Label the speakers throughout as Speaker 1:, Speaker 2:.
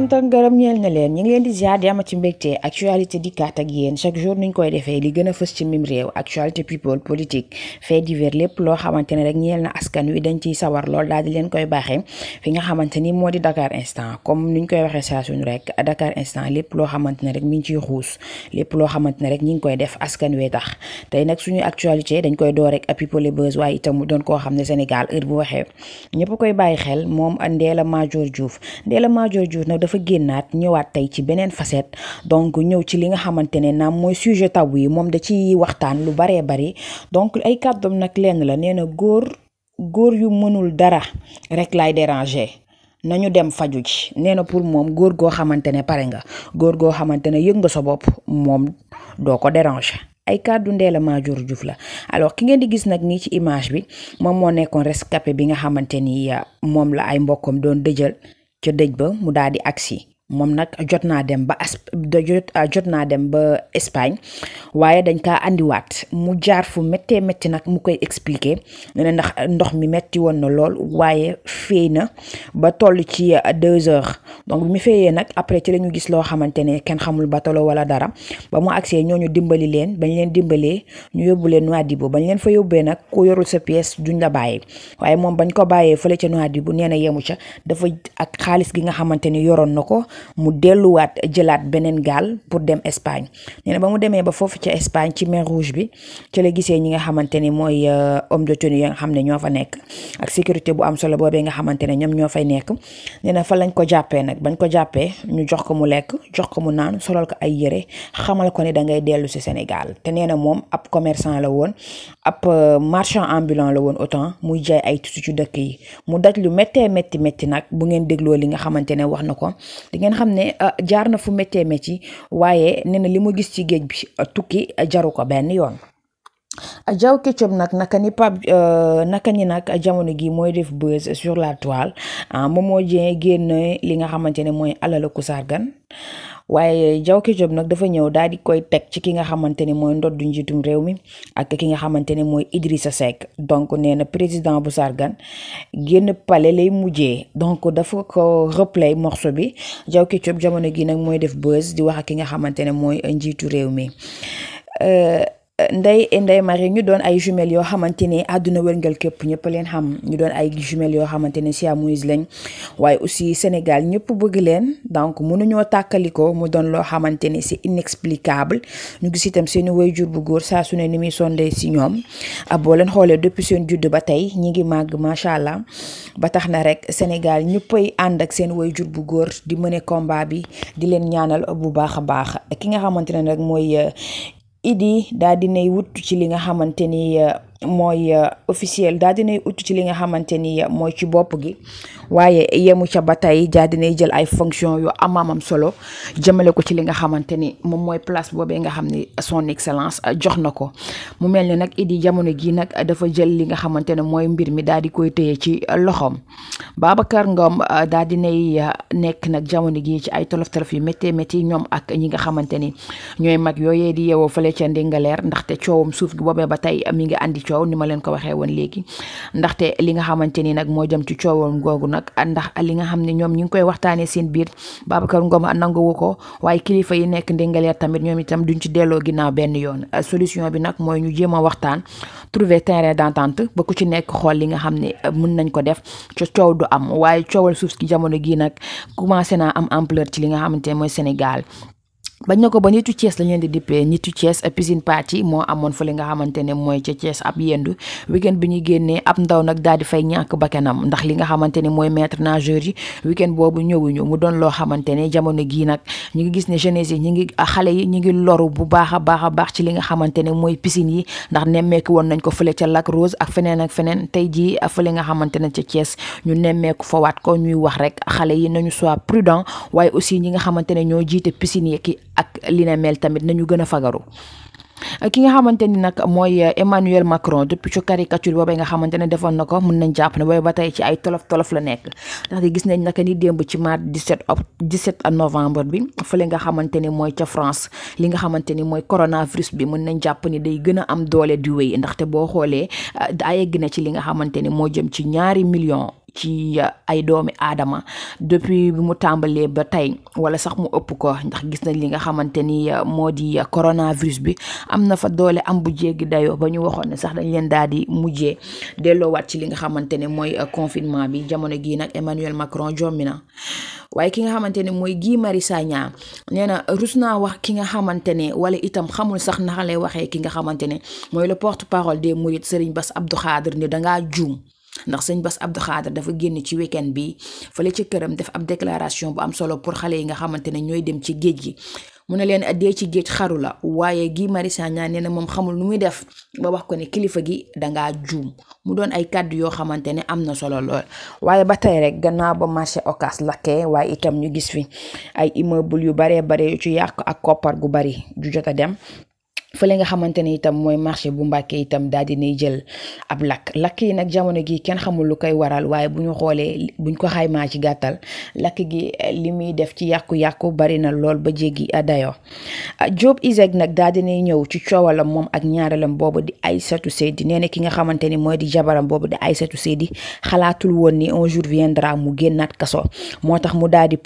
Speaker 1: cant ak ngërëm ñeel na leen ñu ngi leen di ziar di ama ci mbégte actualité dikkaat ak yéen chaque jour nuñ koy defee li gën a fës ci mim réew actualité people politique fait divers lépp loo xamante ne rek ñeel na askan wi dañ ciy sawar lool daal di leen koy baaxee fi nga xamante ni moo di Dakar instant comme nuñ koy waxee saa suñu rek Dakar instant lépp loo xamante ne rek mi ngi ciy xuus lépp loo xamante ne rek ñi ngi koy def askan wee tax tey nag suñu actualité dañ koy doo rek a people buzz doon koo xam ne Sénégal heure bu waxee ñëpp koy bàyyi xel moom Ndella dafa génnaat ñëwaat tey ci beneen facette donc ñëw ci li nga xamante ne naam mooy sujet tabou yi moom da ci waxtaan lu baree bari donc ay kàddoom nag lenn la nee na góor góor yu mënul dara rek laay déranger. nañu dem faju ji nee na pour moom góor goo xamante ne pare nga góor goo xamante ne yëg nga sa bopp moom doo ko dérange ay kàddu Ndella Madior Diouf la alors ki ngeen di gis nag nii ci image bi moom moo nekkoon rescapé bi nga xamante ni moom la ay mbokkam doon dëjal ca dëj ba mu daal di agsi moom nag jot naa dem ba as ah, jot naa dem ba Espagne waaye dañ kaa indiwaat mu jaar fu mettee métti nag mu koy expliquer ne ndax ndox mi métti woon na lool waaye féey na ba toll ci ah, deux heures donc bi mu féeyee nag après ci la ñu gis loo xamante ne kenn xamul batalo wala dara ba mu agsee ñu dimbali leen bañ leen dimbalee ñu yóbbu leen di Nouadhibou bañ leen fa yóbbee nag ku yorul sa pièce duñ la bàyyi waaye moom bañ ko bàyyee fële ca Nouadhibou nee na yemu ca dafa ak xaalis gi nga xamante ne yoroon na ko mu delluwaat jëlaat beneen gaal pour dem Espagne nee ba mu demee ba foofu ca Espagne ci mer Rouge bi ci la gisee ñi nga xamante ni mooy euh, homme de tenue yi nga xam ne ñoo fa nekk ak sécurité bu am solo boobee nga xamante ne ñoom ñoo fay nekk nee na fa lañ ko jàppee nag bañ ko jàppee ñu jox ko mu lekk jox ko mu naan solal ko ay yére xamal ko ne da ngay dellu si Sénégal te nee na moom ab commerçant la woon ab euh, marchand ambulant la woon autant muy jaay ay tutu dëkk yi mu daj lu méttee métti métti nag bu ngeen dégloo li nga xamante ne wax na ko ngeen xam ne euh, jaar na fu méttee métti waaye nee na li mu gis ci géej bi euh, tukki euh, jaru ko benn yoon. Diaw Ketchup nag naka ni Pape euh, naka ni nag jamono gi mooy def buzz sur la toile ah, moom moo jee génn li nga xamante ne mooy Alala Kousargan waaye Diaw Ketchup nag dafa ñëw daal di koy teg ci ki nga xamante ne mooy ndoddu njiitum réew mi ak ki nga xamante ne mooy Idrissa Seck donc nee na président bu Sargan génn pale lay mujjee donc dafa ko replay morceau bi Diaw Ketchup jamono gi nag mooy def buzz di wax ak ki nga xamante ne mooy njiitu réew mi. Euh, Ndeye et Ndeye Marie ñu doon ay jumelles yoo xamante ne àdduna wërngal képp ñëpp leen xam ñu doon ay jumelles yoo xamante ne siamoise lañ waaye aussi Sénégal ñëpp bëgg leen donc mënuñoo tàkkalikoo mu doon loo xamante ne c'est inexplicable ñu ngi gis itam seeni jur bu góor saa su ne ni muy sondee si ñoom ak ah, boo leen xoolee depuis seen juddu ba tey ñi ngi màgg macha allah ba tax na rek Sénégal ñëppay ànd ak seen jur bu góor di mëne combat bi di leen ñaanal bu baax a baax ki nga xamante ne rek mooy Idi daal dinay wut ci li nga xamante ni euh, mooy euh, officiel daal dinay ut ci li nga xamante ni euh, mooy ci bopp gi waaye yemu ca ba tey daal dinay jël ay fonction yu amaamam solo jëmale ko ci li nga xamante ni moom mooy place boobee nga xam ni son excellence euh, jox na ko mu mel ni nag Idi jamono gi nag dafa jël li nga xamante ne mooy mbir mi daal di koy téye ci loxoom baaba kër ngoom daal dinay nekk nag jamono gi ci ay tolof tolof yu méttee métti ñoom ak ñi nga xamante ni ñooy mag yooyee di yeewoo fële ca Ndingaleer ndaxte coowam suuf gi boobee ba tey mi ngi andi coow ni ma leen ko waxee woon léegi ndaxte li nga xamante ni nag moo jëm ci coowam googu nag ndax li nga xam ne ñoom ñu ngi koy waxtaanee seen biir Babacar Ngom nanguwu ko waaye kilifa yi nekk ndingaleer tamit ñoom itam duñ ci delloo ginnaaw benn yoon solution bi nag mooy ñu jéem a waxtaan trouver terrain d'entente ba ku ci nekk xool li nga xam ne euh, mun nañ ko def ci coow du am waaye coowal suuf si jamono gii nag commencé naa am ampleur ci li nga xamante ne mooy Sénégal bañ na ko ba nitu Thiès lañ leen di dippee nitu Thiès piscine party moo amoon fa li nga xamante ne mooy ca Thiès ab yendu weekend bi ñu génnee ab ndaw nag daal di fay ñàkk bakkanam ndax li nga xamante ne mooy maître nageur yi weekend boobu ñëwuñu mu doon loo xamante ne jamono gii nag ñu ngi gis ne jeunesse ñu ngi ah, xale yi ñu ngi loru bu baax a baax a baax ci li nga xamante ne mooy piscine yi ndax nemmeeku woon nañ ko fële ca Lac Rose ak feneen ak feneen tey jii fële nga xamante ne ca Thiès ñu nemmeeku fawaat ko ñuy wax rek xale yi nañu soit prudent waaye aussi ñi nga xamante ne ñoo jiite piscine yi ak li ne mel tamit nañu gën a fagaru ki nga xamante ni nag mooy euh, Emmanuel Macron depuis ci caricature boobee nga xamante ne defoon na ko mën nañ jàpp ne booy ba tey ci ay tolof tolof la nekk ndax gis nañ naka ni démb ci mars 17 op 17 novembre bi fële nga xamante ni mooy ca France li nga xamante ni mooy coronavirus bi mën nañ jàpp ni day gën a am doole di wéy ndaxte boo xoolee daa euh, yegg na ci li nga xamante ni moo jëm ci ñaari million ci euh, ay doomi aadama depuis bi mu tàmbalee ba tey wala sax mu ëpp ko ndax gis nañ li nga xamante ni euh, moo di euh, coronavirus bi am na fa doole am bu jéggi dayoo ba ñu waxoon ne sax dañ leen daal di mujjee delloowaat ci li nga xamante ne mooy confinement bi jamono gii nag Emmanuel Macron jommi na waaye ki nga xamante ne mooy Guy Marius nee na rus naa wax ki nga xamante ne wala itam xamul sax naka lay waxee ki nga xamante ne mooy le porte-parole des Mourides Serigne Bass Abdou Khadre ni dangaa juum ndax sëñ Bass Abdou Khadre dafa génn ci week-end bi fële ci këram def ab déclaration bu am solo pour xale yi nga xamante ne ñooy dem ci géej gi mu ne leen dee ci géej xarula waaye Guy Marius Sagna nee na moom xamul lu muy def ba wax ko ne kilifa gi dangaa juum mu doon ay kàddu yoo xamante ne am na solo lool. waaye ba tey rek gannaaw ba marché ocas lakkee waaye itam ñu gis fi ay immeuble yu baree bare yu ci yàq ak koppar gu bari ju jog a dem fële nga xamante ne itam mooy marché bu Mbàkke itam daal di nay jël ab lakk lakk yi nag jamono gi kenn xamul lu koy waral waaye bu ñu xoolee buñ ko xaymaa ci gàttal lakk gi li muy def ci yàqu-yàqu bari na lool ba jéggi dayoo Job Isaac nag daal di nay ñëw ci coowalam moom ak ñaaralam boobu di Aïssatou Seydi nee ki nga xamante ni mooy di jabaram boobu di Aïssatou Seydi xalaatul woon ni un jour viendra mu génnaat kaso moo tax mu daal di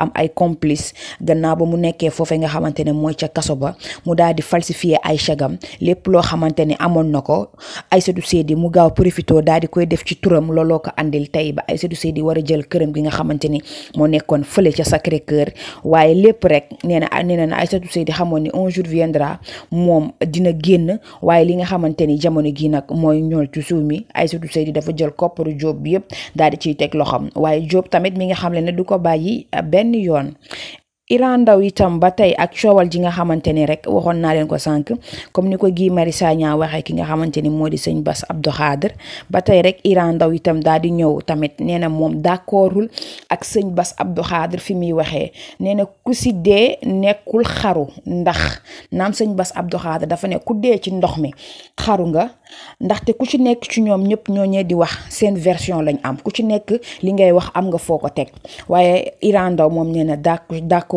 Speaker 1: am ay complice gannaaw ba mu nekkee foofee nga xamante ne mooy ca kaso ba mu daal di notifié ay chagam lépp loo xamante ni amoon na ko Aïssatou Seydi mu gaaw profito daal di koy def ci turam looloo ko andil tey ba ay Aïssatou Seydi war a jël këram gi nga xamante ni moo nekkoon fële ca Sacré Cœur waaye lépp rek nee na nee na Aïssatou Seydi xamoon ni un jour viendra moom dina génn waaye li nga xamante ni jamono gi nag mooy ñool ci suuf ay Aïssatou Seydi dafa jël kopparu Jóob bi yëpp daal di ciy teg loxam waaye Jóob tamit mi nga xam ne du ko bàyyi benn yoon Iran Ndaw itam ba tey ak coowal ji nga xamante ni rek waxoon naa leen ko sànq comme ni ko Guy Marius Sagna waxee ki nga xamante ni moo di sëñ Bass Abdou Khadre ba tey rek Iran Ndaw itam daal di ñëw tamit nee na moom d'accordul ak sëñ bas Abdou Khadre fi muy waxee nee na ku si dee nekkul xaru ndax naam sëñ bas Abdou Khadre dafa ne ku dee ci ndox mi xaru nga ndaxte ku ci nekk ci ñoom ñëpp ñooñee di wax seen version lañ am ku ci nekk li ngay wax am nga foo ko teg waaye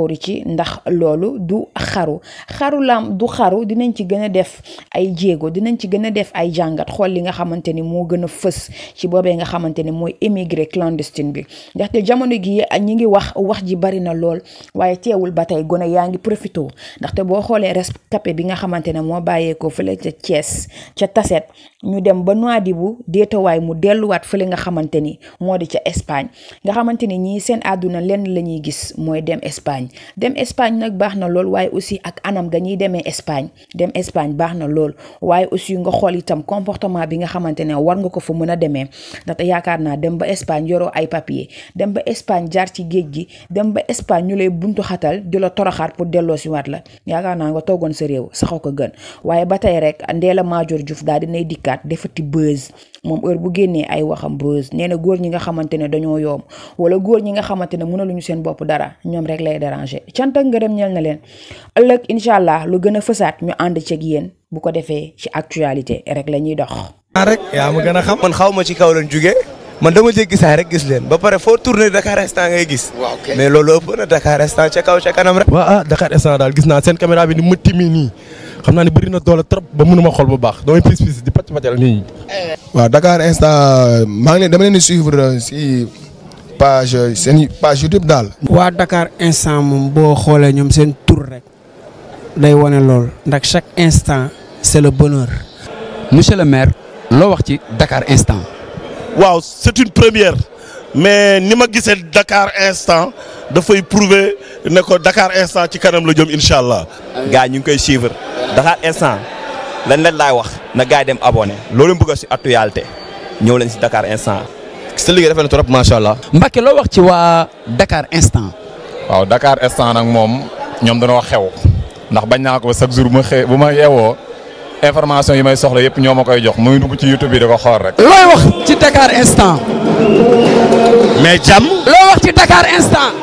Speaker 1: d'accordu ci ndax loolu du xaru xaru lam du xaru dinañ ci gëna def ay jéego dinañ ci gëna def ay jangat xol li nga xamanteni mo gëna fess ci bobé nga xamanteni moy émigré clandestine bi té jamono gi ñi ngi wax wax ji bari na lool waaye teewul batay tey yaangi profito ndax té bo xolé xoolee rescapé bi nga xamanteni mo bayé ko fele ci Thiès ci Tasset ñu dem ba Nouadhibou way mu wat fele nga xamanteni modi ci Espagne nga xamanteni ñi seen lenn lañuy gis moy dem Espagne dem Espagne nag baax na lool waaye aussi ak anam ga ñuy demee Espagne dem Espagne baax na lool waaye aussi nga xool itam comportement bi nga xamante ne war nga ko fa mën a demee ndaxte yaakaar naa dem ba Espagne yoroo ay papier dem ba Espagne jaar ci géej gi dem ba Espagne ñu lay buntu xatal di la toroxaat pour delloo si waat la yaakaar naa nga toogoon sa réew saxoo ko gën waaye ba tey rek Ndella Madior Diouf daal dinay dikkaat defati buzz moom heure bu génnee ay waxam buzz nee na góor ñi nga xamante ne dañoo yoom wala góor ñi nga xamante ne ñu seen bopp dara ñoom rek lay déranger cant nga dem ñel na leen ëllëg incha allah lu gën a fësaat ñu ànd ceeg yéen bu ko defee ci actualité rek la ñuy dox. rek yaa ma gën a xam. man xaw ma ci kaw lañ jugee man dama jéggi saa rek gis leen ba pare foo tourné Dakar instant ngay gis. waaw ok mais loolu ëpp na Dakar instant ca kaw ca kanam rek. waaw ah Dakar instant daal gis naa seen caméra bi ni mu timmi nii xam ne bëri na doole trop ba mënuma xool baax damay pis pis Dakar instant je vais suivre si page page YouTube dal. Wa Dakar instant mon une xolé sen rek day lool chaque instant c'est le bonheur. monsieur le maire lo wax ci Dakar instant. Wow, c'est une première mais ni gissé dit Dakar instant il prouver ne Dakar instant ci kanam la jëm inshallah allah. ñu koy suivre Dakar instant. lan leen laay wax na gars dem abonné loolu bëgg si actualité ñëw leen si dakaar instant. sa liggéey rafet na trop macha allah. Mbacke loo wax ci waa Dakar instant. waaw dakaar instant nag moom ñoom dañoo xew ndax bañ naa ko chaque jour bu ma xee bu ma yeewoo information yi may soxla yëpp ñoo ma koy jox muy dugg ci YouTube bi da ko xool rek. looy wax ci Dakar instant. mais jàmm. loo wax ci Dakar instant.